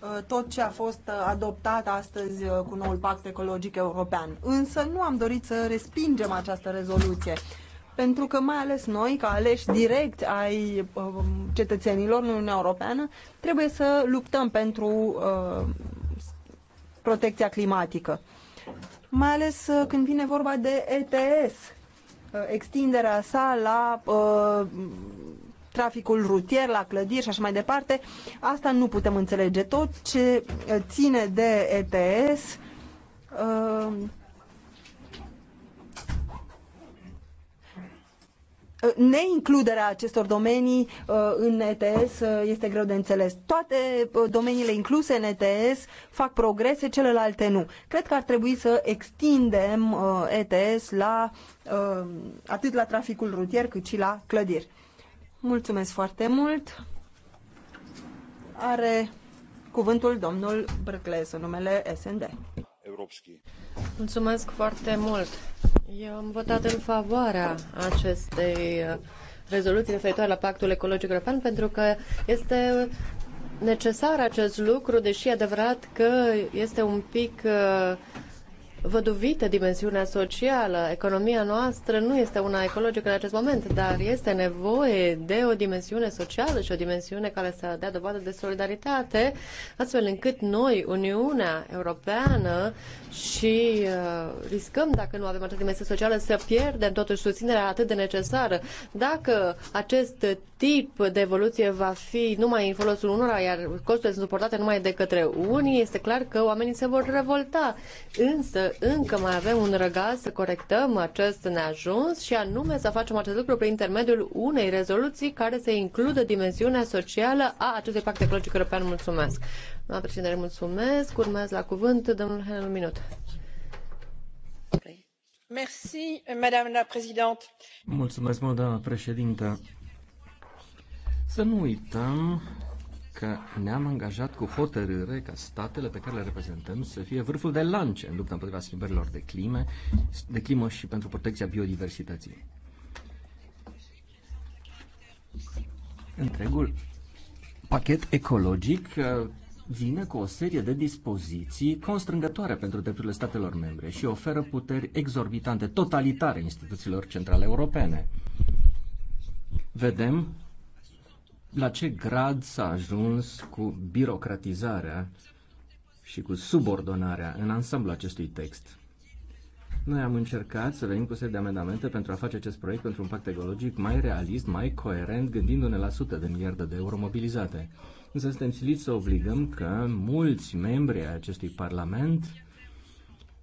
S1: Uh, tot ce a fost uh, adoptat astăzi uh, cu noul pact ecologic european. Însă nu am dorit să respingem această rezoluție, pentru că mai ales noi, ca aleși direct ai um, cetățenilor în Uniunea Europeană, trebuie să luptăm pentru protecția climatică. Mai ales când vine vorba de ETS, extinderea sa la uh, traficul rutier, la clădiri și așa mai departe. Asta nu putem înțelege. Tot ce eh, ține de ETS eh, eh, neincluderea acestor domenii în ETS este greu de înțeles. Toate domeniile incluse în ETS fac progrese, celelalte nu. Cred că ar trebui să extindem ETS la, atât la traficul rutier cât și la clădiri. Mulțumesc foarte mult. Are cuvântul domnul Brăcles în numele SND.
S6: Europski. Mulțumesc foarte mult. Eu am votat în favoarea acestei uh, rezoluții referitoare la Pactul Ecologic European pentru că este necesar acest lucru, deși e adevărat că este un pic uh, văduvită dimensiunea socială. Economia noastră nu este una ecologică în acest moment, dar este nevoie de o dimensiune socială și o dimensiune care să dea dovadă de solidaritate, astfel încât noi, Uniunea Europeană, și uh, riscăm, dacă nu avem această dimensiune socială, să pierdem totuși susținerea atât de necesară. Dacă acest tip de evoluție va fi numai în folosul unora, iar costurile sunt suportate numai de către unii, este clar că oamenii se vor revolta. Însă, încă mai avem un răgaz să corectăm acest neajuns și anume să facem acest lucru prin intermediul unei rezoluții care să includă dimensiunea socială a acestui pact ecologic european. Mulțumesc! Doamna președinte, mulțumesc! Urmează la cuvânt domnul Henel, un minut.
S4: Merci, madame la présidente.
S2: Mulțumesc, doamna președintă. Să nu uităm că ne-am angajat cu hotărâre ca statele pe care le reprezentăm să fie vârful de lance în lupta împotriva schimbărilor de, clime, de climă și pentru protecția biodiversității. Întregul pachet ecologic uh, vine cu o serie de dispoziții constrângătoare pentru drepturile statelor membre și oferă puteri exorbitante, totalitare instituțiilor centrale europene. Vedem la ce grad s-a ajuns cu birocratizarea și cu subordonarea în ansamblu acestui text. Noi am încercat să venim cu set de amendamente pentru a face acest proiect pentru un pact ecologic mai realist, mai coerent, gândindu-ne la sute de miliarde de euro mobilizate. Însă suntem siliți să obligăm că mulți membri ai acestui Parlament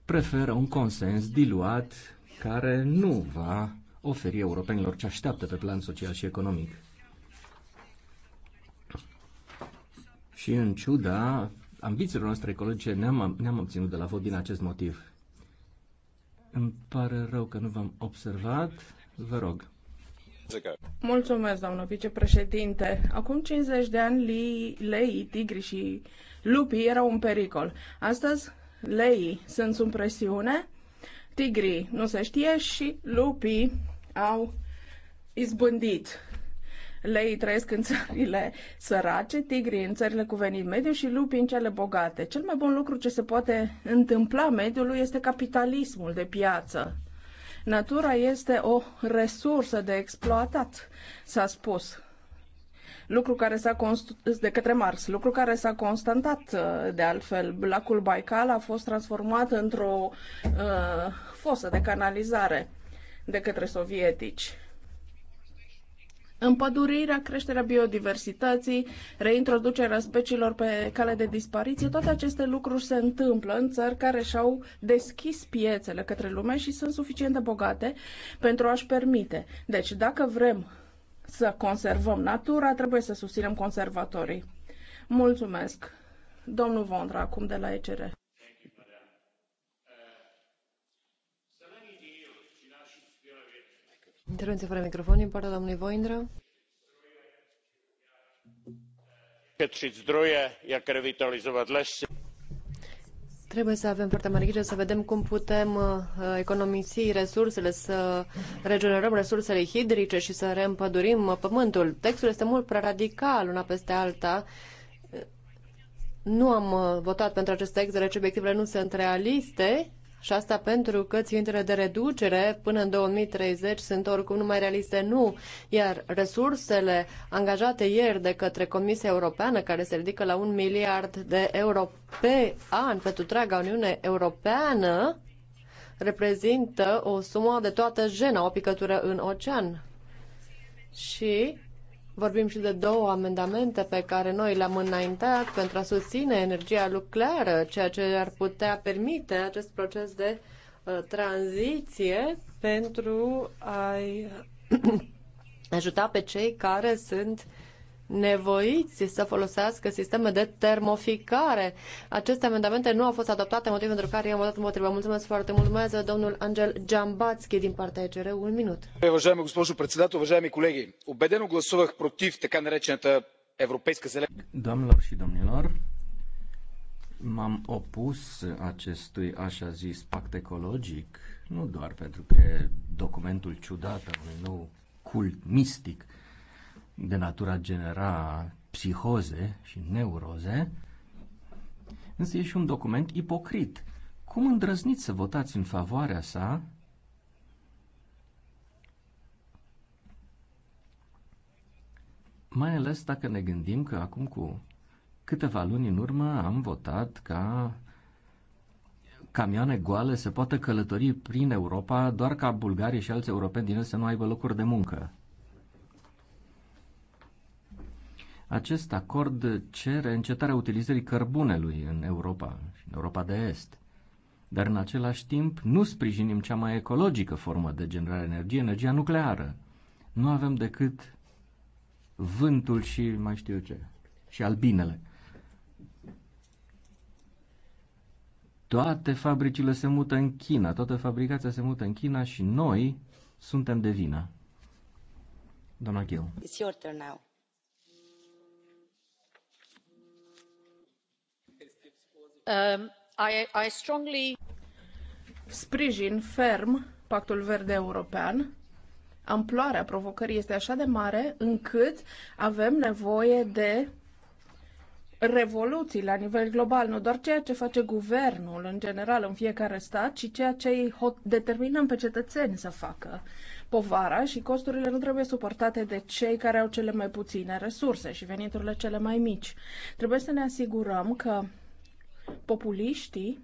S2: preferă un consens diluat care nu va oferi europenilor ce așteaptă pe plan social și economic. și în ciuda ambițiilor noastre ecologice ne-am, ne-am obținut de la vot din acest motiv. Îmi pare rău că nu v-am observat. Vă rog.
S5: Mulțumesc, doamnă vicepreședinte. Acum 50 de ani, leii, leii, tigri și lupii erau un pericol. Astăzi, leii sunt sub presiune, tigrii nu se știe și lupii au izbândit Lei trăiesc în țările sărace, tigrii în țările cu venit mediu și lupii în cele bogate. Cel mai bun lucru ce se poate întâmpla mediului este capitalismul de piață. Natura este o resursă de exploatat, s-a spus lucru care s-a constat de către Marx, lucru care s-a constatat uh, de altfel. Lacul Baikal a fost transformat într-o uh, fosă de canalizare de către sovietici. Împădurirea, creșterea biodiversității, reintroducerea speciilor pe cale de dispariție, toate aceste lucruri se întâmplă în țări care și-au deschis piețele către lume și sunt suficient de bogate pentru a-și permite. Deci, dacă vrem să conservăm natura, trebuie să susținem conservatorii. Mulțumesc! Domnul Vondra, acum de la ECR.
S3: Intervenție fără
S6: microfon din partea domnului Voindră.
S3: Šetřit zdroje, jak revitalizovat lesy.
S6: Trebuie să avem foarte mare grijă să vedem cum putem uh, economisi resursele, să regenerăm resursele hidrice și să reîmpădurim uh, pământul. Textul este mult prea radical una peste alta. Nu am uh, votat pentru acest text, deoarece obiectivele nu sunt realiste și asta pentru că țintele de reducere până în 2030 sunt oricum numai realiste, nu. Iar resursele angajate ieri de către Comisia Europeană, care se ridică la un miliard de euro pe an pentru întreaga Uniune Europeană, reprezintă o sumă de toată jena, o picătură în ocean. Și Vorbim și de două amendamente pe care noi le-am înaintat pentru a susține energia nucleară, ceea ce ar putea permite acest proces de uh, tranziție pentru a ajuta pe cei care sunt nevoiți să folosească sisteme de termoficare. Aceste amendamente nu au fost adoptate, motiv pentru care i-am votat împotriva. Mulțumesc foarte mult. mulțumesc, domnul Angel Giambatski din partea ECR. Un minut.
S3: Păi, Уважаема госпожо председател, уважаеми колеги, убедено гласувах против така наречената европейска зелена.
S2: Doamnelor și domnilor, m-am opus acestui așa zis pact ecologic, nu doar pentru că documentul ciudat al unui nou cult mistic, de natura genera psihoze și neuroze, însă e și un document ipocrit. Cum îndrăzniți să votați în favoarea sa mai ales dacă ne gândim că acum cu câteva luni în urmă am votat ca camioane goale să poată călători prin Europa doar ca bulgarii și alți europeni din el să nu aibă locuri de muncă. Acest acord cere încetarea utilizării cărbunelui în Europa și în Europa de Est. Dar în același timp nu sprijinim cea mai ecologică formă de generare energie, energia nucleară. Nu avem decât vântul și mai știu eu ce, și albinele. Toate fabricile se mută în China, toată fabricația se mută în China și noi suntem de vină. Doamna Ghiu.
S6: It's your turn now.
S5: Um, I, I Sprijin ferm Pactul Verde European. Amploarea provocării este așa de mare încât avem nevoie de revoluții la nivel global, nu doar ceea ce face guvernul în general în fiecare stat, ci ceea ce îi determinăm pe cetățeni să facă. Povara și costurile nu trebuie suportate de cei care au cele mai puține resurse și veniturile cele mai mici. Trebuie să ne asigurăm că Populiștii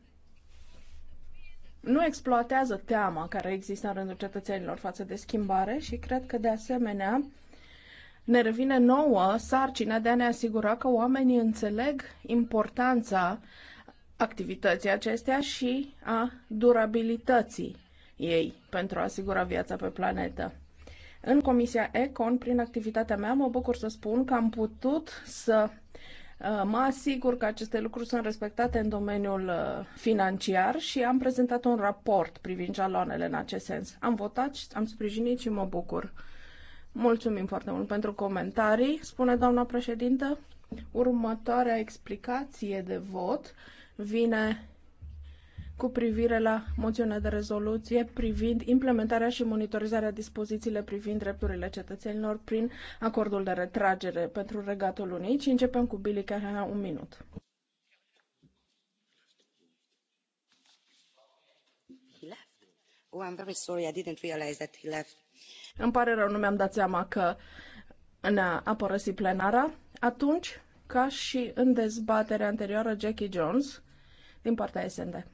S5: nu exploatează teama care există în rândul cetățenilor față de schimbare și cred că de asemenea ne revine nouă sarcina de a ne asigura că oamenii înțeleg importanța activității acestea și a durabilității ei pentru a asigura viața pe planetă. În Comisia Econ, prin activitatea mea, mă bucur să spun că am putut să Uh, mă asigur că aceste lucruri sunt respectate în domeniul uh, financiar și am prezentat un raport privind jaloanele în acest sens. Am votat, am sprijinit și mă bucur. Mulțumim foarte mult pentru comentarii, spune doamna președintă. Următoarea explicație de vot vine cu privire la moțiunea de rezoluție privind implementarea și monitorizarea dispozițiile privind drepturile cetățenilor prin acordul de retragere pentru Regatul Lunii. și începem cu Billy Cahana, un minut. Oh, I'm very sorry, I didn't realize that he left. Îmi pare rău, nu mi-am dat seama că ne-a părăsit plenara. Atunci, ca și în dezbaterea anterioară, Jackie Jones, din partea SND.